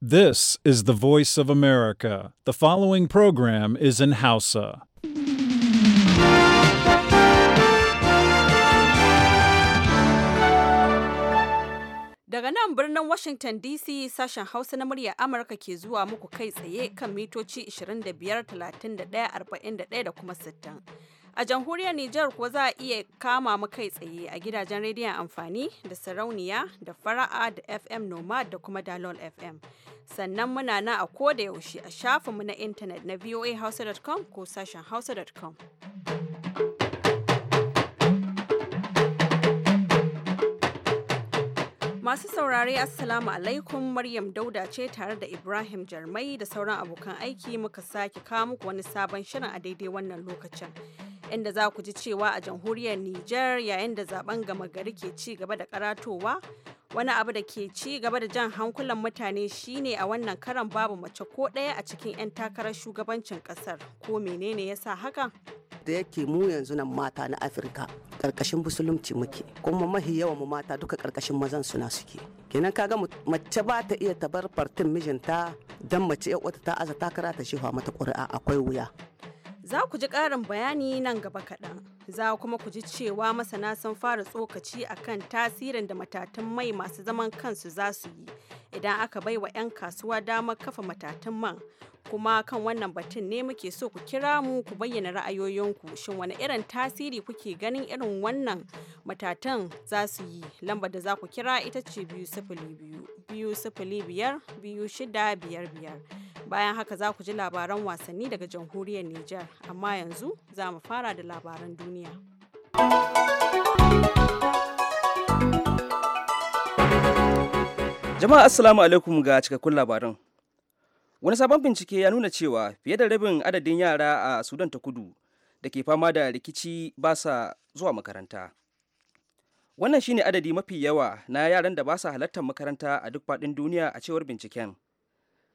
This is the voice of America. The following program is in Hausa. Daga nan birnin Washington DC sashen Hausa na murya Amurka ke zuwa muku kai tsaye kan mitoci 25, 31, 41 da kuma 60. A jamhuriyar Nijar kuwa za a iya kama mu kai tsaye a gidajen rediyon amfani da sarauniya da fara'a da FM Nomad da kuma Dalol FM. Sannan muna na a koda yaushe a shafinmu na intanet na voahouse.com ko sashen hausa.com. Masu saurare Assalamu alaikum Maryam Dauda ce tare da Ibrahim Jarmai da sauran abokan aiki muka sake kawo muku wani sabon shirin a daidai wannan lokacin. inda za ku ji cewa a jamhuriyar Nijar yayin da zaben gama gari ke ci gaba da karatowa wani abu da ke ci gaba da jan hankulan mutane shine a wannan karan babu mace ko ɗaya a cikin 'yan takarar shugabancin kasar ko menene ya sa hakan da yake mu yanzu nan mata na afirka ƙarƙashin musulunci muke kuma mahi yawan mu mata duka ƙarƙashin mazan suna suke kenan kaga mace ba ta iya tabar fartin mijinta dan mace ya ta aza takara ta shifa mata ƙuri'a akwai wuya Za ku ji ƙarin bayani nan gaba kaɗan. Za kuma ku ji cewa masana sun fara tsokaci a kan tasirin da matatan mai masu zaman kansu za su yi idan aka bai wa 'yan kasuwa damar kafa matatan man kuma kan wannan batun ne muke so ku kira mu ku bayyana ra'ayoyinku shin wani irin tasiri kuke ganin irin wannan matatan za su yi lamba da za ku kira ita ce biyu sifili biyu biyu sifili biyar biyu shida biyar biyar bayan haka za ku ji labaran wasanni daga jamhuriyar Nijar amma yanzu za mu fara da labaran duniya. Jama'a Assalamu alaikum ga cikakkun labaran. wani sabon bincike ya nuna cewa fiye da rabin adadin yara a sudan ta kudu da ke fama da rikici ba sa zuwa makaranta wannan shine adadi mafi yawa na yaran da ba sa halartar makaranta a duk faɗin duniya a cewar binciken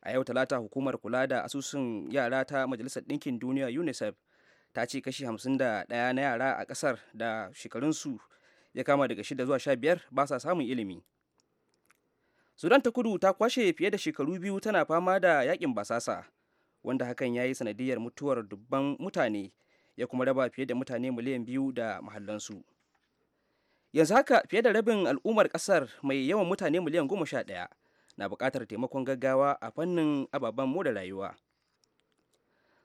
a yau talata hukumar kula da asusun yara ta majalisar ɗinkin duniya unicef ta ce kashi da 51 na yara a ƙasar da shekarunsu ya kama daga 6 zuwa biyar ba sa samun ilimi sudan ta kudu ta kwashe fiye da shekaru biyu tana fama da yakin basasa wanda hakan ya yi sanadiyar mutuwar dubban mutane ya kuma raba fiye da mutane miliyan biyu da mahallansu yanzu haka fiye da rabin al'ummar kasar mai yawan mutane miliyan goma sha ɗaya na buƙatar taimakon gaggawa a fannin ababen more rayuwa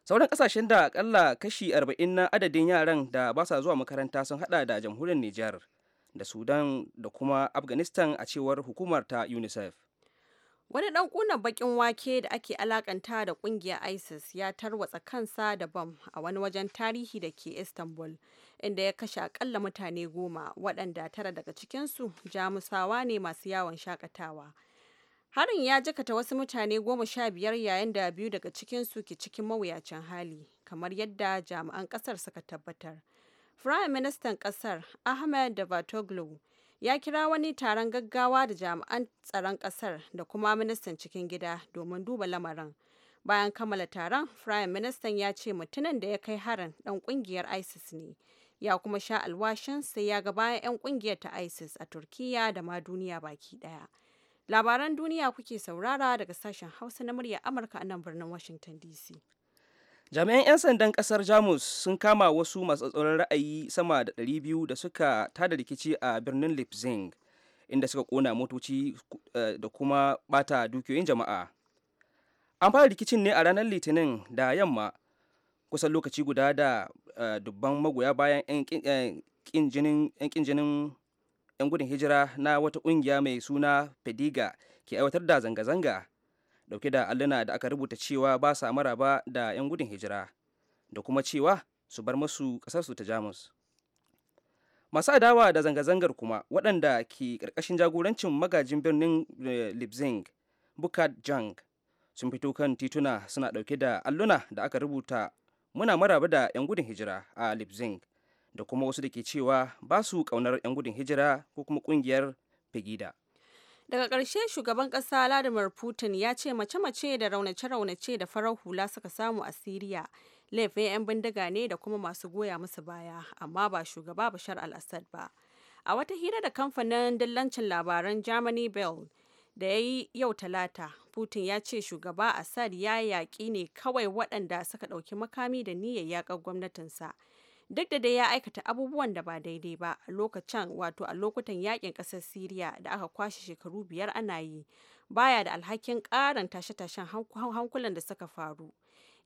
sauran ƙasashen da akalla kashi arba'in na adadin yaran da ba sa zuwa makaranta sun haɗa da jamhuriyar nijar da sudan da kuma afghanistan a cewar hukumar ta unicef wani ɗan ƙunan baƙin wake da ake alakanta da ƙungiyar isis ya tarwatsa kansa da bam a wani wajen tarihi da ke istanbul inda ya kashe akalla mutane goma waɗanda tara daga cikinsu jamusawa ne masu yawon shakatawa harin ya jikata wasu mutane goma sha biyar yayin da biyu daga cikinsu ke cikin mawuyacin hali kamar yadda jami'an ƙasar suka tabbatar Firayim Ministan ƙasar Ahmed Davatoglu ya kira wani taron gaggawa da jami'an tsaron ƙasar da kuma ministan cikin gida domin duba lamarin. Bayan kammala taron, Firayim Ministan ya ce mutumin da ya kai harin ɗan ƙungiyar ISIS ne. Ya kuma sha alwashin sai ya ga bayan 'yan ƙungiyar ta ISIS a Turkiyya da ma duniya baki ɗaya. Labaran duniya kuke saurara daga sashen Hausa na muryar Amurka a nan birnin Washington DC. jami'an 'yan sandan kasar jamus sun kama wasu masu tsatsauran ra'ayi sama da 200 da suka tada rikici a birnin leipzig inda suka kona motoci eh, da kuma bata dukiyoyin jama'a an fara rikicin ne a ranar litinin da yamma kusan lokaci guda da eh, dubban magoya bayan 'yan kin eh, jinin 'yan gudun hijira na wata kungiya mai suna fediga ke aiwatar da zanga-zanga dauke da alluna da aka rubuta cewa ba sa maraba da 'yan gudun hijira da kuma cewa su bar masu kasarsu ta jamus masu adawa da zanga-zangar kuma waɗanda ke ƙarƙashin jagorancin magajin birnin eh, lipzing bukat jang sun fito kan tituna suna ɗauke da alluna da aka rubuta muna maraba da 'yan gudun hijira a lipzing da kuma wasu da ke cewa ba su ƙaunar 'yan gudun hijira ko kuma ƙungiyar pegida Daga ƙarshe shugaban ƙasa Vladimir Putin ya ce mace-mace da raunace-raunace da farar hula suka samu a Siriya laifin 'yan bindiga ne da kuma masu goya musu baya, amma ba shugaba Bashar al-Assad ba. A wata hira da kamfanin dillancin labaran Germany Bell da ya yi yau talata, Putin ya ce shugaba Assad ya yaƙi ne kawai waɗanda suka ɗauki makami da niyyar yaƙar gwamnatinsa. duk da dai ya aikata abubuwan da ba daidai ba a lokacin wato a lokutan yakin ƙasar Siriya da aka kwashe shekaru biyar ana yi baya da alhakin karan tashe-tashen hankulan da suka faru.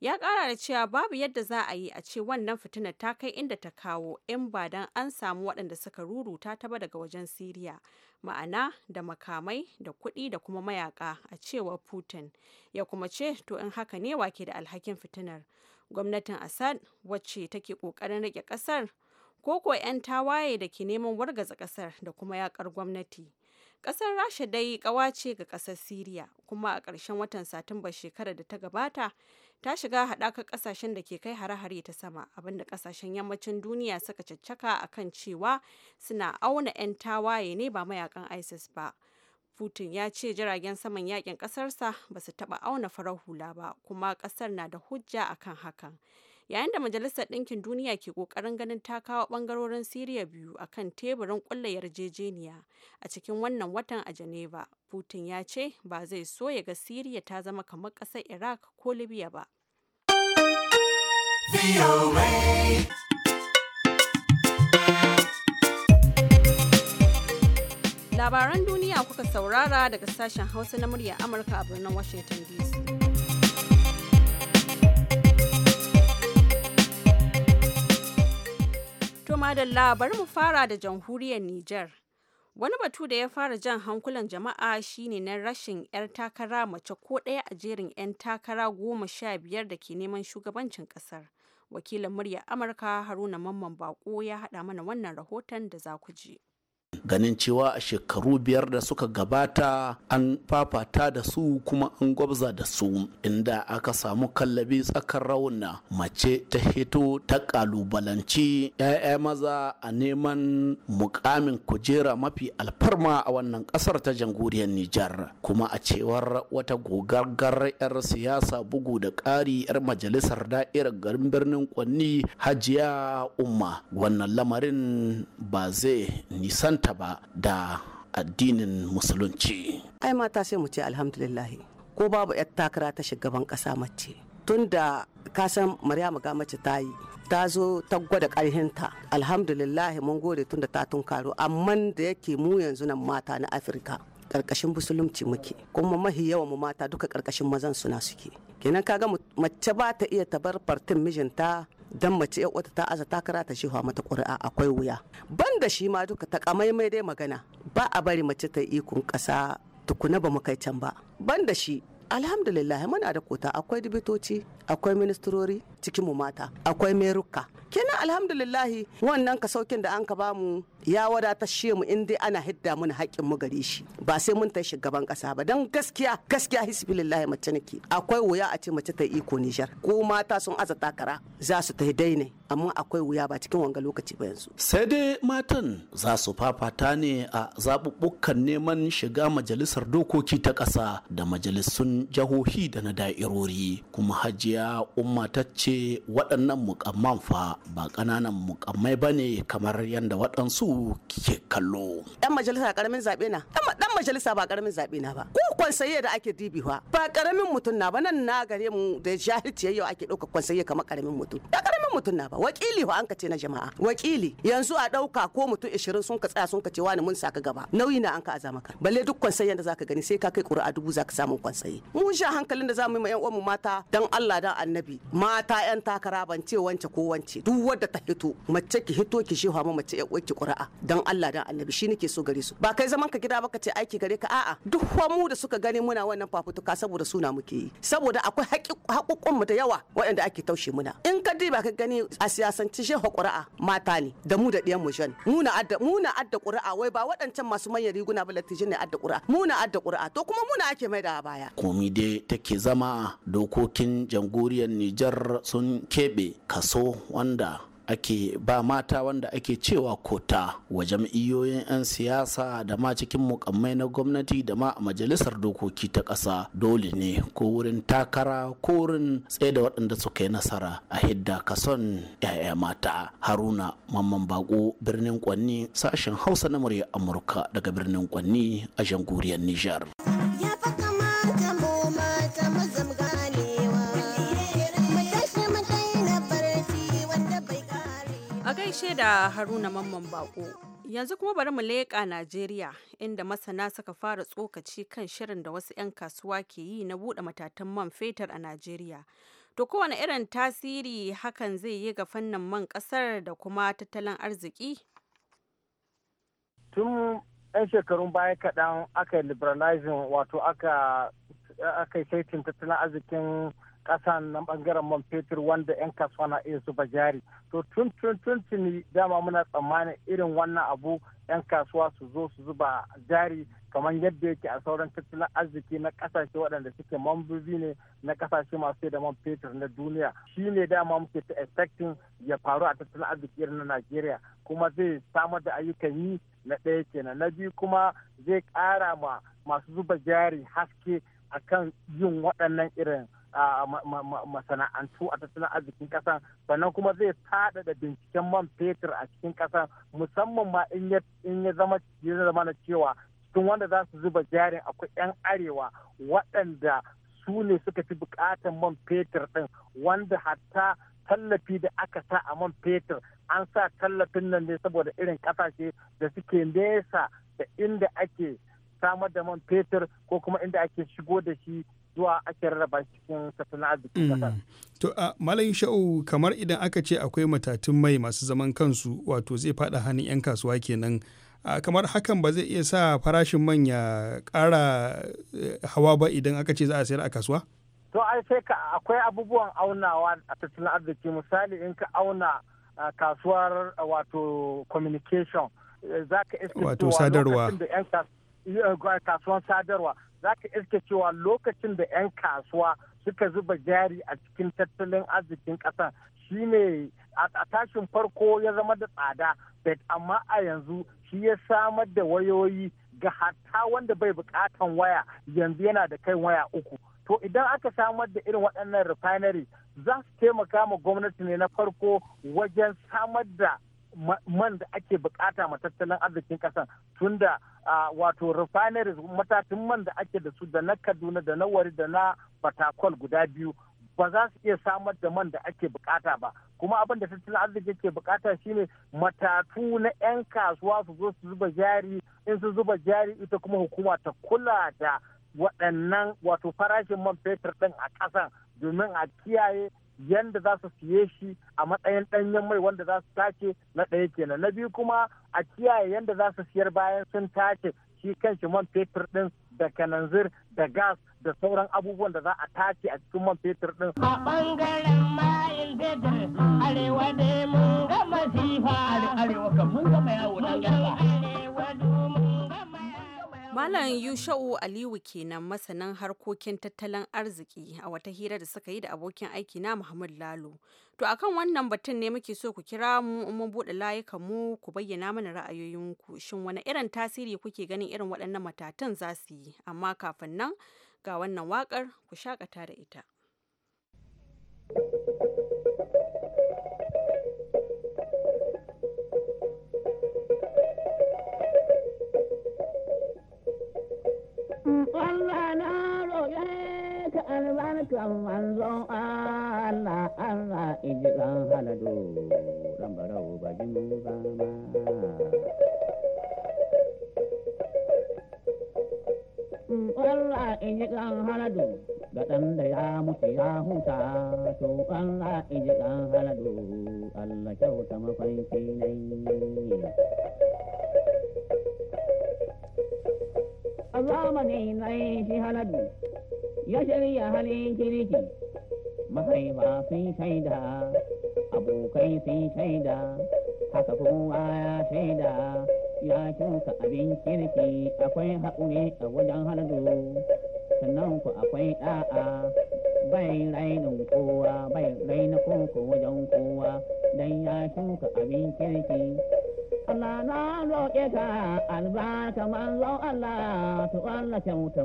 Ya kara da cewa babu yadda za a yi a ce wannan fitinar ta kai inda ta kawo in ba dan an samu waɗanda suka ruruta ta ba daga wajen Siriya, ma'ana da makamai da kuɗi da kuma mayaka a cewar Putin. Ya kuma ce to in haka ne wake da alhakin fitinar. gwamnatin assad wacce take kokarin rike kasar ko ko 'yan tawaye da ke neman wargaza kasar da kuma yakar gwamnati kasar rasha dai ƙawa ce ga kasar siriya kuma a ƙarshen watan satumba shekarar da ta gabata ta shiga haɗakar ƙasashen da ke kai hare-hare ta sama abinda ƙasashen yammacin duniya suka caccaka akan cewa suna auna 'yan tawaye ne ba mayakan isis ba Putin ya ce jiragen saman yakin kasarsa ba su taba auna farar hula ba kuma kasar na da hujja akan hakan. Yayin da Majalisar Ɗinkin Duniya ke ƙoƙarin ganin ta kawo ɓangarorin Siriya biyu a kan teburin ƙulla yarjejeniya a cikin wannan watan a Geneva, Putin ya ce ba zai so ya ga Siriya ta zama kamar ƙasar Iraq ko Libya ba. Labaran duniya kuka saurara daga sashen Hausa na murya Amurka a birnin Washington DC. To madalla bari mu fara da jamhuriyar Nijar. Wani batu da ya fara jan hankulan jama'a shine na rashin 'yar takara mace ko ɗaya a jerin 'yan takara goma sha biyar da ke neman shugabancin ƙasar. Wakilin murya Amurka Haruna Mamman Bako ya haɗa mana wannan rahoton da za ku ji. ganin cewa a shekaru biyar da suka gabata an fafata da su kuma an gwabza da su inda aka samu kallabi tsakar rauna mace ta hito ta kalubalanci 'ya'ya maza a neman mukamin kujera mafi alfarma a wannan kasar ta jamhuriyar nijar kuma a cewar wata gogargar 'yar siyasa bugu da ƙari 'yar majalisar da'irar garin birnin kwanni hajiya umma wannan lamarin ba zai nisan bambanta ba da addinin musulunci ai mata sai mu ce alhamdulillahi ko babu 'yar takara ta shugaban kasa mace tun da kasan maryama ga mace ta yi ta zo ta gwada ta alhamdulillahi mun gode tun da ta tunkaro amma da yake mu yanzu nan mata na afirka ƙarƙashin musulunci muke kuma mahi yawan mu mata duka karkashin mazan suna suke kenan kaga mace ba ta iya tabar fartin mijinta dan mace ya wata ta aza takara ta shewa mata ƙuri'a akwai wuya ban da shi ma duka ta kamaimai dai magana ba a bari mace ta ikon ƙasa tukuna ba mu kai can ba ban da shi alhamdulillah muna da kota akwai dibitoci akwai ministrori cikin mu mata akwai meruka kenan alhamdulillahi wannan kasaukin da an ka bamu ya wadata shi mu in ana hidda mun haƙƙin mu gare shi ba sai mun tashi gaban ƙasa ba dan gaskiya gaskiya hisbilillahi mace nake akwai wuya a ce mace ta iko Nijar ko mata sun aza takara za su ta dai amma akwai wuya ba cikin wanga lokaci ba yanzu sai dai matan za su fafata ne a zaɓuɓɓukan neman shiga majalisar dokoki ta ƙasa da majalisun jahohi da na da'irori kuma hajiya umma ta ce waɗannan mukamman fa ba ƙananan mukammai ba ne kamar yadda waɗansu ke kallo. Ɗan majalisa ƙaramin zaɓe na ɗan majalisa ba ƙaramin zaɓe na ba ko kwansaye da ake dibiwa ba ƙaramin mutum na ba nan na gare mu da jahilci yau ake ɗauka kwansaye kamar ƙaramin mutum. Ba ƙaramin mutum na ba wakili ba an ka ce na jama'a wakili yanzu a ɗauka ko mutum ishirin sun ka tsaya sun ka ce wani mun saka gaba nauyi na an ka aza maka balle duk kwansayen da zaka gani sai ka kai ƙuri'a dubu zaka samu kwansaye mun sha hankalin da za mu yi ma yan mata dan Allah dan annabi mata yan takara ban ce wance ko wance duk wadda ta hito mace ki hito ki shewa ma mace yan ki qur'a dan Allah dan annabi shi nake so gare su ba kai zaman ka gida ba ka ce aiki gare ka a'a duk mu da suka gani muna wannan fafutuka saboda suna muke yi saboda akwai haƙuƙun mu da yawa waɗanda ake taushe muna in ka ba ka gani a siyasanci shehu qur'a mata ne da mu da ɗiyan mu jan mu na adda mu na adda qur'a wai ba waɗancan masu manyan riguna ba latijin ne adda qur'a mu na adda qur'a to kuma mu ake mai da baya Lamide take zama dokokin jamhuriyar Nijar sun keɓe kaso wanda ake ba mata wanda ake cewa kota wa jam'iyyoyin 'yan siyasa da ma cikin mukammai na gwamnati da ma a majalisar dokoki ta ƙasa dole ne ko wurin takara ko wurin tsaye da waɗanda suka yi nasara a hidda kason 'ya'ya mata haruna mamman bako birnin kwanni sashen hausa na murya amurka daga birnin kwanni a jamhuriyar nijar. ce da Haruna Mamman Bako. Yanzu kuma bari mu leƙa Najeriya inda masana suka fara tsokaci kan shirin da wasu 'yan kasuwa ke yi na buɗe matatan man fetur a Najeriya. To kowane irin tasiri hakan zai yi ga fannin man ƙasar da kuma tattalin arziki? Tun 'yan shekarun baya kaɗan aka liberalizing wato aka saitin tattalin arzikin kasan nan bangaren man fetur wanda 'yan kasuwa na iya zuba jari to tun tun tun tuni dama muna tsammanin irin wannan abu 'yan kasuwa su zo su zuba jari kamar yadda yake a sauran tattalin arziki na kasashe waɗanda suke mambobi ne na kasashe masu da man fetur na duniya shi ne dama muke ta expecting ya faru a tattalin arziki na najeriya kuma zai samar da ayyukan yi na ɗaya kenan na biyu kuma zai ƙara ma masu zuba jari haske akan yin waɗannan irin A masana'antu a tattalin arzikin ƙasa sannan kuma zai faɗaɗa binciken man fetur a cikin ƙasa musamman ma in ya zama na cewa cikin wanda za su zuba jarin akwai 'yan arewa waɗanda su ne suka fi buƙatar man fetur ɗin wanda hatta tallafi da aka sa a man fetur an sa tallafin nan ne saboda irin ƙasashe da suke nesa da inda ake samar da man fetur ko kuma inda ake shigo da shi zuwa ake rarraba cikin tattalin da mm. To a malam sha'u kamar idan aka ce akwai matatun mai masu zaman kansu wato zai fada hannun 'yan kasuwa kenan kamar hakan ba zai iya sa farashin man ya ƙara eh, hawa ba idan aka ce za a sayar a kasuwa? To ai sai ka akwai abubuwan aunawa a tattalin arziki misali in ka auna kasuwar wato communication eh, za ka wato sadarwa eh, sadarwa za ka iske cewa lokacin da 'yan kasuwa suka zuba jari a cikin tattalin arzikin ƙasa ne a tashin farko ya zama da tsada bet amma a yanzu shi ya samar da wayoyi ga hatta wanda bai bukatan waya yanzu yana da kai waya uku to idan aka samar da irin waɗannan refinery za su taimaka ma gwamnati ne na farko wajen samar da man da ake bukata ma tattalin arzikin kasan tunda wato refineries matatun man da ake da su da na kaduna da na wari da na batakol guda biyu ba za su iya samar da man da ake bukata ba kuma abin da tattalin arziki ke bukata shine matatu na 'yan kasuwa su zo su zuba jari in su zuba jari ita kuma hukuma ta kula da waɗannan wato farashin man fetur ɗin a ƙasa domin a kiyaye yanda za su siye shi a matsayin ɗanyen mai wanda za su tace na ɗaya kenan na biyu kuma a kiyaye yanda za su siyar bayan sun tace shi kan shi man fetur ɗin da kananzir da gas da sauran abubuwan da za a tace a cikin man fetur ɗin. A ɓangaren mayin fetur arewa ne mun ga masifa. Arewa kan mun gama yawo na gaba. Malam Yusha'u Aliyu kenan masanin harkokin tattalin arziki a wata hira da suka yi da abokin aiki na Muhammad Lalo. To akan wannan batun ne muke so ku kira mu in mun buɗe layukan mu ku bayyana mana ra'ayoyinku. Shin wani irin tasiri kuke ganin irin waɗannan matatan za su yi? Amma kafin nan ga wannan waƙar ku shakata da ita. Allah na roƙe ka albarkan manzon Allah Allah in ɗan halado ran barau ba ba ma. Allah in ɗan halado ga ɗan da ya mutu ya huta to Allah in ji ɗan halado Allah kyauta mafarki nai. a zamani na shi haladu ya shirya halin kirki mahaifa sun shaida abokai sun shaida haka kowa ya shaida ya shuka abin kirki akwai haƙuri a wajen haladu sannan ku akwai ɗa'a bai rainin kowa bai raina koko wajen kowa don ya shuka abin kirki Allah na roƙe ka albarka Allah to Allah kyauta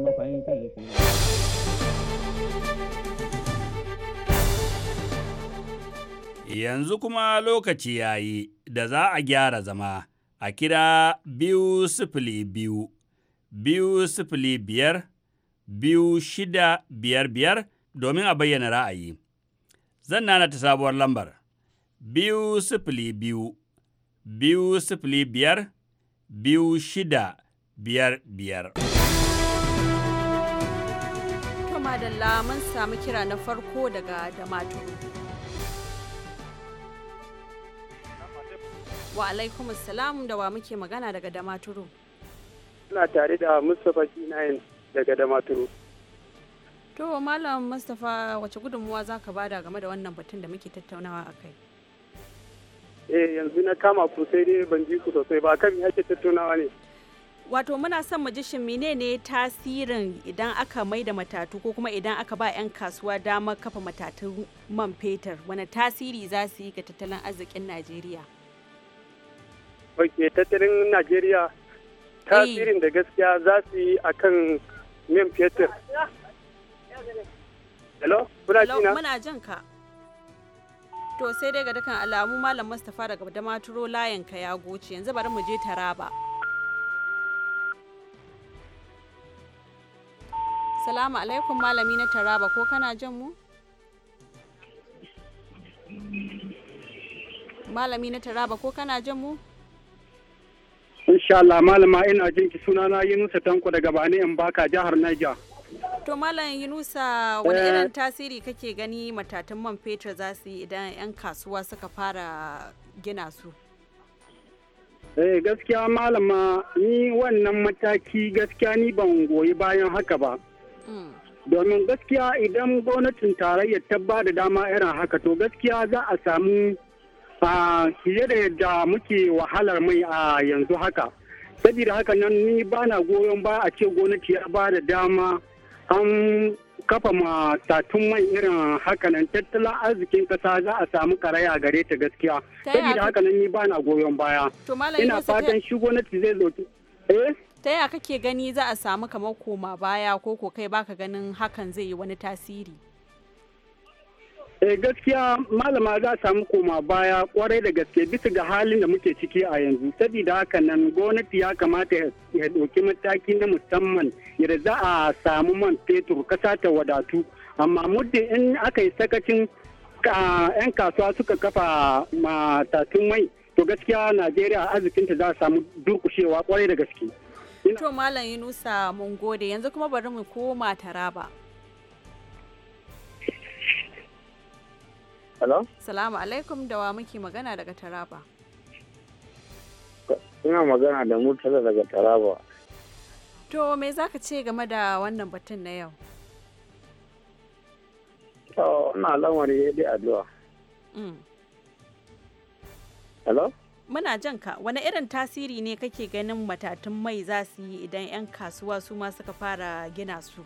Yanzu kuma lokaci ya yi da za a gyara zama a kira biyu sifili biyu, biyu sifili biyar, biyu shida biyar biyar domin a bayyana ra'ayi. Zan nana ta sabuwar lambar, biyu sifili biyu. biyu sifili biyar biyu shida biyar biyar. madalla mun samu kira na farko daga damaturu. Wa alaikum salam da wa muke magana daga damaturu. Ina tare da Mustapha kinayen daga damaturu. To Malam Mustapha wace gudunmuwa za ka bada game da wannan batun da muke tattaunawa a kai? eh yanzu na kama ku sai dai ban ji ku sosai ba kan yake ake tattaunawa ne wato muna son mu ji shin menene tasirin idan aka mai da matatu ko kuma idan aka ba 'yan kasuwa damar kafa matatun man fetur wani tasiri za su yi ga tattalin arzikin najeriya Okay, tattalin najeriya tasirin da gaskiya za su yi a kan man fetur hello muna jin ka To sai dai ga dukan alamu Malam Mustapha daga Damaturo layin ka ya goce yanzu bari mu je Taraba. Salamu alaikum malami na Taraba ko kana jin mu? Malami na Taraba ko kana jin mu? Insha Allah malama ina jin sunana Yunusa Tanko daga Bani in baka jihar Niger. To Malam Yunusa wani eh. irin tasiri kake gani matatan man fetur za su yi idan 'yan kasuwa suka fara gina su? Eh gaskiya malama ni wannan mataki gaskiya ni ban goyi bayan haka ba. Hmm. Domin gaskiya idan gwamnatin tarayyar ta ba da dama irin haka to gaskiya za a samu fiye da yadda muke wahalar mai a yanzu haka. Saboda haka nan ni ba na goyon ba a ce gwamnati ya ba da dama. an kafa matatun mai irin hakanan tattalin arzikin kasa za a samu karaya gare ta gaskiya saboda hakanan ni ba na goyon baya ina fatan shi gwamnati zai zo eh ta yaya kake gani za a samu kamar koma baya ko ko kai baka ganin hakan zai yi wani tasiri Eh gaskiya malama za samu koma baya kwarai da gaske bisa ga halin da muke ciki a yanzu. Sabida haka nan gwamnati ya kamata ya ɗauki mataki na musamman yadda za a samu man fetur kasa ta wadatu. Amma muddin in aka yi sakacin 'yan kasuwa suka kafa matatun mai to gaskiya Najeriya arzikinta za a samu durkushewa kwarai da gaske. To Malam Yunusa mun gode yanzu kuma bari mu koma Taraba. Hello? Salamu alaikum da wa muke magana daga Taraba. Ina magana da Murtala daga Taraba. To me za ka ce game da wannan batun na yau? To, ina lamari ya dai addu'a. Mm. Hello? Muna jan ka, wani irin tasiri ne kake ganin matatun mai za su yi idan 'yan kasuwa su ma suka fara gina su?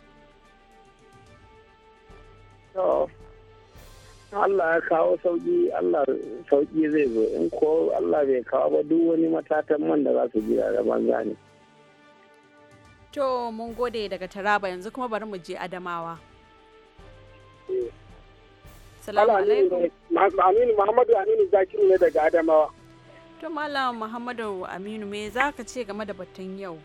Allah ya kawo sauki Allah sauki zai zo in ko Allah bai kawo ba duk wani matatan man da za su jira da banza ne. To mun gode daga Taraba yanzu kuma bari mu je Adamawa. Salamu alaikum. Aminu Muhammadu Aminu Zakiru ne daga Adamawa. To Malam Muhammadu Aminu me za ka ce game da batun yau?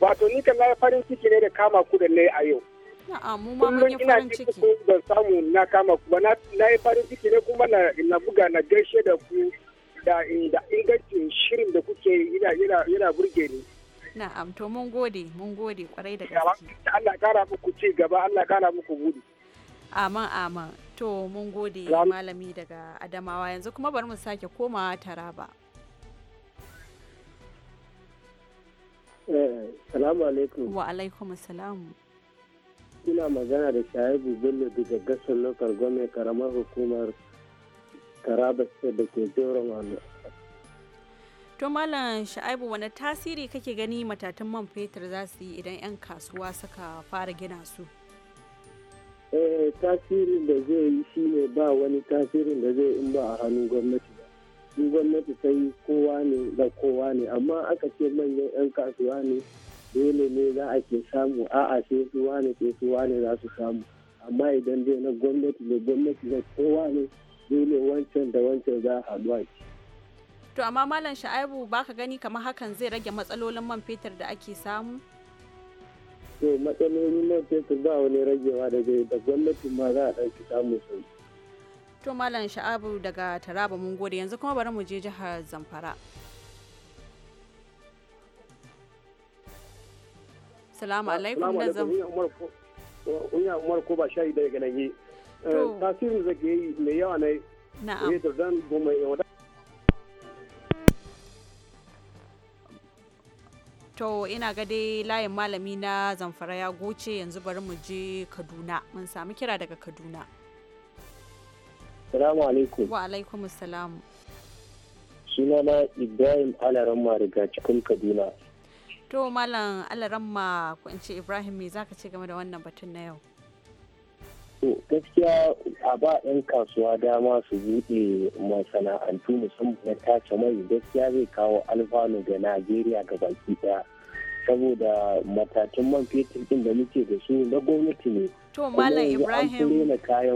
Wato ni kan na farin ciki ne da kama ku da ne a yau. Na'am, mu ma mun yi farin ciki. Ban samu na kama kuma ba na yi farin ciki ne kuma na buga na gaishe da ku da ingancin shirin da kuke yana burge ni. Na'am, to mun gode, mun gode kwarai da gaske. Allah kara muku ci gaba, Allah kara muku gudu. Aman aman. To mun gode malami daga Adamawa yanzu kuma bari mu sake komawa Taraba. Eh, salamu alaikum. Wa alaikum salam. Kuna magana da Shaibu Bello daga gasar lokal gwamnati karamar hukumar Taraba da ke wani To Malam Shaibu wani tasiri kake gani matatan man fetur za su yi idan 'yan kasuwa suka fara gina su? Eh tasirin da zai yi shine ba wani tasirin da zai in ba a hannun gwamnati ba. In gwamnati ta kowa ne da kowa ne amma aka ce manyan 'yan kasuwa ne dole ne za a ke samu a'a sai su wane sai su wane za su samu amma idan dai na gwamnati da gwamnati da kowa ne dole wancan da wancan za a haɗu a to amma malam sha'aibu ka gani kamar hakan zai rage matsalolin man fetur da ake samu to matsalolin man fetur ba wani ragewa da zai da gwamnati ma za a ɗauki samun sauki to malam sha'abu daga taraba mun gode yanzu kuma bari mu je jihar zamfara assalamu alaikum da zan unya umar ko ba shayi daga nan yi eh, tasirin zage yi mai yawa ne na'am eh zan goma yi yawa to ina ga dai layin malami na zamfara ya goce yanzu bari mu je kaduna mun sami kira daga kaduna salamu alaikum wa alaikum salamu sunana ibrahim alaramma daga cikin kaduna To Malam Alaramma ko in ce Ibrahim mai zaka ce game da wannan batun na yau? To gaskiya a ba ɗan kasuwa dama su buɗe masana'antu musamman na tace mai gaskiya zai kawo alfanu ga Najeriya ga baki ɗaya. Saboda matatun man fetur ɗin da muke da su na gwamnati ne To Malam Ibrahim. banza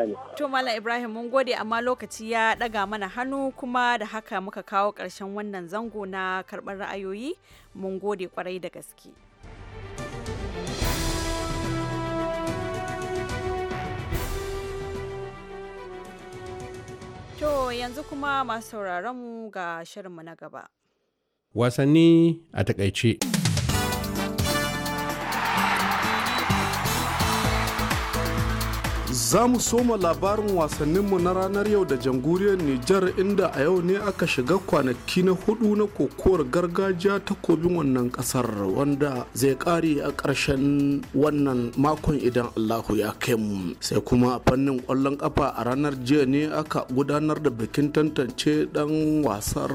ne. To Malam Ibrahim mun gode amma lokaci ya daga mana hannu kuma da haka muka kawo ƙarshen wannan zango na karɓar ra'ayoyi mun gode kwarai da gaske. To yanzu kuma masu sauraron mu ga shirinmu na gaba. Wasanni a takaice. Za mu soma labarin wasanninmu na ranar yau da jamhuriyar Nijar inda a yau ne aka shiga kwanaki na hudu na kokowar gargajiya ta kobin wannan kasar wanda zai kare a ƙarshen wannan makon idan Allahu ya kai mu. Sai kuma a fannin kwallon kafa a ranar jiya ne aka gudanar da bikin tantance dan wasar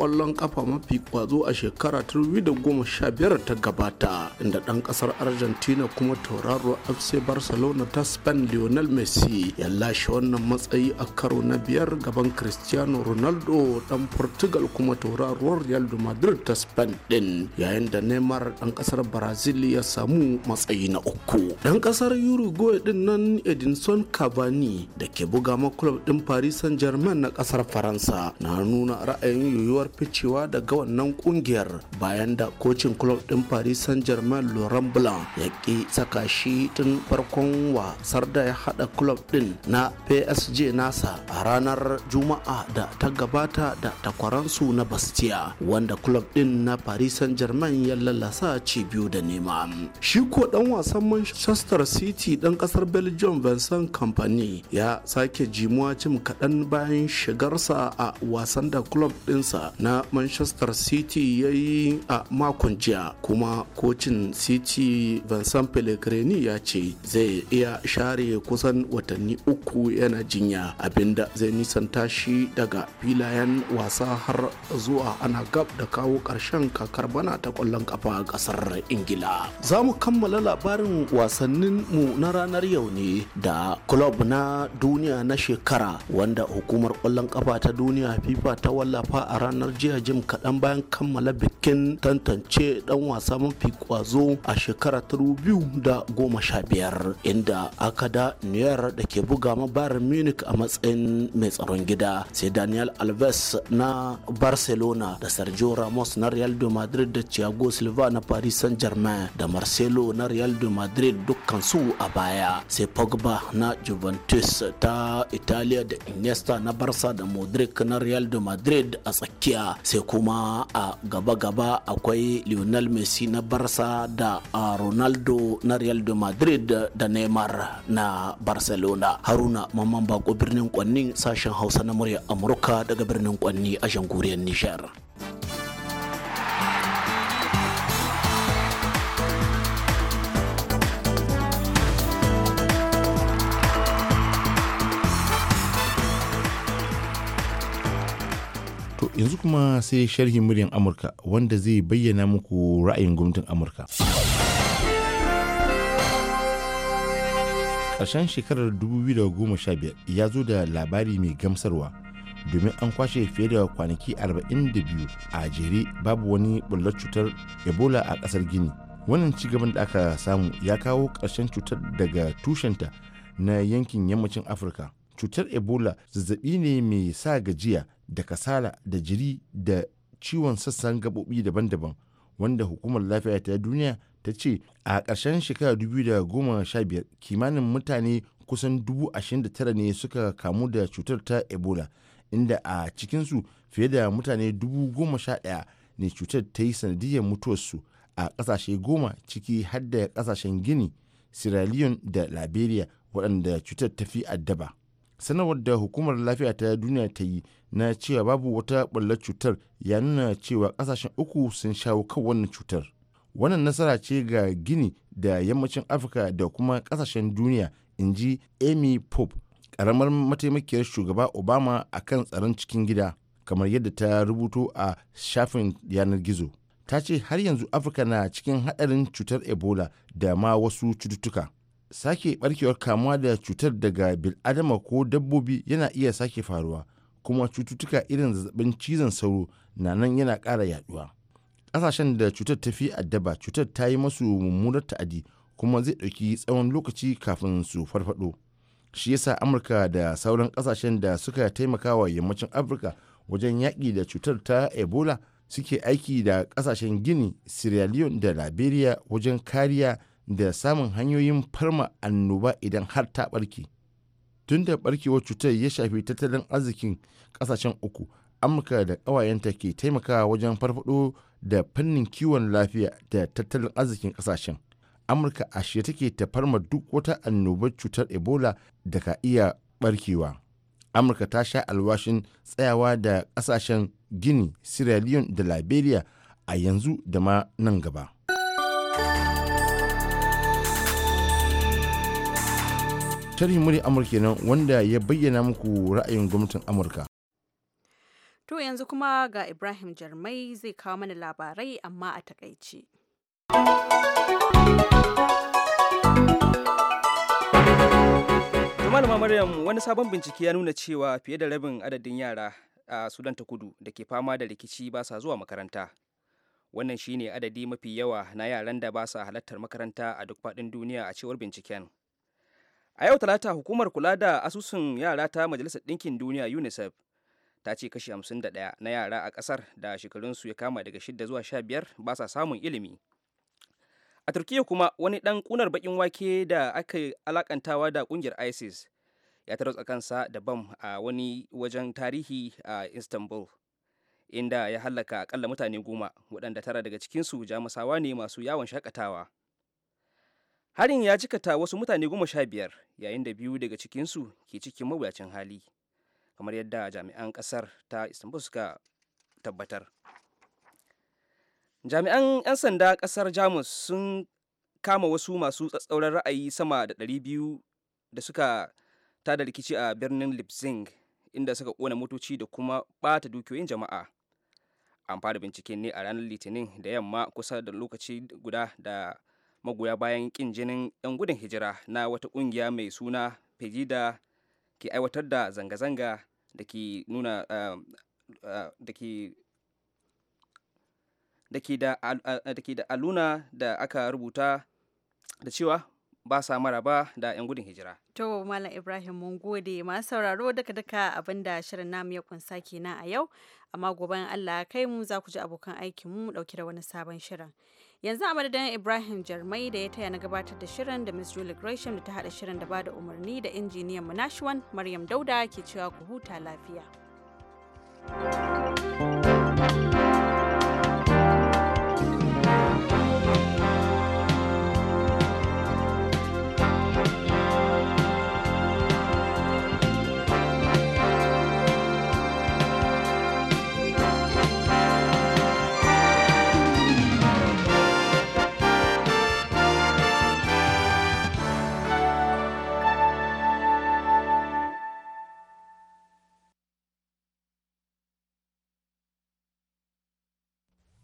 kwallon kafa mafi kwazo a shekara ta biyar ta gabata inda dan kasar Argentina kuma tauraro FC Barcelona ta Spain Lionel lionel messi ya lashe wannan matsayi a karo na biyar gaban cristiano ronaldo dan portugal kuma tauraruwar real madrid ta spain din yayin da neymar dan kasar brazil ya samu matsayi na uku dan kasar uruguay din nan edinson cavani da ke buga ma club din paris saint germain na kasar faransa na nuna ra'ayin yiwuwar ficewa daga wannan kungiyar bayan da kocin club din paris saint germain laurent blanc ya ki saka shi tun farkon wasar da ya hada club din na PSG nasa a ranar Juma'a da ta gabata da takwaransu na Bastia wanda club din na Paris Saint-Germain ya lalasa ci biyu da nema. Shi ko dan wasan Manchester City dan kasar Belgium Vincent Company ya sake jimuwa cim kaɗan bayan shigarsa a wasan da club dinsa na Manchester City ya yi a makon jiya kuma kocin City Vincent Pellegrini ya ce zai iya share kusan watanni uku yana jinya abinda zai nisanta shi daga filayen wasa har zuwa ana gab da kawo ƙarshen kakar bana ta kwallon kafa a ƙasar ingila za mu kammala labarin wasannin mu na ranar yau ne da club na duniya na shekara wanda hukumar ƙwallon kafa ta duniya fifa ta wallafa a ranar jiya jim kaɗan bayan kammala bikin tantance dan wasa mafi kwazo a shekara ta biyu da goma sha biyar inda aka da niyar da ke buga ma bayern munich a matsayin mai tsaron gida sai daniel alves na barcelona da sergio ramos na real de madrid da thiago silva na paris saint germain da marcelo na real de madrid dukkan su a baya sai pogba na juventus ta Italia da iniesta na barca da modric na real de madrid a tsakiya sai kuma a gaba-gaba akwai lionel messi na barca da ronaldo na real de madrid da neymar na barcelona haruna mamman bako birnin kwanni sashen hausa na murya amurka daga birnin kwanni a jamhuriyar nijar yanzu kuma sai sharhin muryan amurka wanda zai bayyana muku ra'ayin gwamnatin amurka ƙarshen shekarar 2015 ya zo da labari mai gamsarwa domin an kwashe fiye da kwanaki 42 a jere babu wani bullar cutar ebola a ƙasar gini wannan cigaban da aka samu ya kawo ƙarshen cutar daga tushenta na yankin yammacin afirka cutar ebola zazzaɓi ne mai sa gajiya da kasala da jiri da ciwon sassan gaɓoɓi daban-daban wanda hukumar lafiya ta duniya ta ce a ƙarshen shekara 2015 kimanin mutane kusan 29 ne suka kamu da cutar ta ebola inda a cikinsu fiye da mutane 11 ne cutar ta yi sanadiyar mutuwarsu a ƙasashe goma ciki har da ƙasashen gini sierra leone da liberia waɗanda cutar ta fi addaba sanarwar da hukumar lafiya ta duniya ta yi na cewa babu wata ɓallar cutar ya nuna cewa ƙasashen uku sun shawo kan wannan cutar wannan nasara ce ga gini da yammacin afirka da kuma kasashen duniya in ji amy pope karamar mataimakiyar shugaba obama a kan tsaron cikin gida kamar yadda ta rubuto a shafin yanar gizo ta ce har yanzu afirka na cikin hadarin cutar ebola da ma wasu cututtuka sake barkewar kamuwa da cutar daga bil'adama ko dabbobi yana iya sake faruwa kuma cututtuka irin zazzabin cizon sauro na nan yana ƙara yaduwa. kasashen da cutar ta fi addaba cutar ta yi masu mummunar ta'adi kuma zai ɗauki tsawon lokaci kafin su farfado shi yasa amurka da sauran kasashen da suka taimaka wa yammacin afirka wajen yaƙi da cutar ta ebola suke aiki da kasashen gini sierra leone da liberia wajen kariya da samun hanyoyin farma annoba idan har ta ɓarke tun da ɓarkewar cutar ya shafi tattalin arzikin ƙasashen uku amurka da ƙawayenta ke taimakawa wajen farfado da fannin kiwon lafiya da tattalin arzikin kasashen Amurka a shi take ta farma duk wata annobar cutar Ebola da ka iya barkewa. Amurka ta sha alwashin tsayawa da kasashen Gini, Sierra da Liberia a yanzu da ma nan gaba. tarihin murya Amurka nan wanda ya bayyana muku ra'ayin gwamnatin Amurka. To yanzu kuma ga Ibrahim Jarmai zai kawo mana labarai amma a takaice. Malama Maryam wani sabon bincike ya nuna cewa fiye da rabin adadin yara a Sudan ta kudu da ke fama da rikici ba sa zuwa makaranta. Wannan shi ne adadi mafi yawa na yaran da ba sa halartar makaranta a duk faɗin duniya a cewar binciken. A yau talata hukumar kula da asusun yara ta Majalisar Ɗinkin Duniya UNICEF ta ce kashi 51 na yara a kasar da shekarunsu ya kama daga 6 zuwa 15 ba sa samun ilimi a turkiyya kuma wani ɗan kunar baƙin wake da aka alakantawa da ƙungiyar isis ya tarotsa kansa da bam a wani wajen tarihi a istanbul inda ya hallaka akalla mutane goma waɗanda tara daga cikinsu jamusawa ne masu yawon shakatawa harin ya cikata wasu mutane goma sha biyar yayin da biyu daga cikinsu ke cikin mawuyacin hali kamar yadda jami'an kasar ta istanbul suka tabbatar jami'an 'yan sanda kasar jamus sun kama wasu masu tsatsauran ra'ayi sama da 200 da suka tada rikici a birnin lipsing inda suka kona motoci da kuma bata dukiyoyin jama'a an fara binciken ne a ranar litinin da yamma kusa da lokaci guda da magoya bayan kin jinin 'yan gudun hijira na wata kungiya mai suna pegida ke aiwatar da zanga-zanga da ke nuna ah, ah, da aluna ah, da aka rubuta da cewa ba sa mara ba da 'yan gudun hijira. To Malam Ibrahim mun gode masu sauraro daga daka abin da shirin namu ya kunsa kenan a yau, amma gobe Allah kai mu za ku ji abokan aikin mu dauke da wani sabon shirin. yanzu a madadin ibrahim jarmai da ya taya na gabatar da shirin da miss julie gresham da ta hada shirin da ba da umarni da injiniyan mu nashwan maryam dauda ke cewa ku huta lafiya thank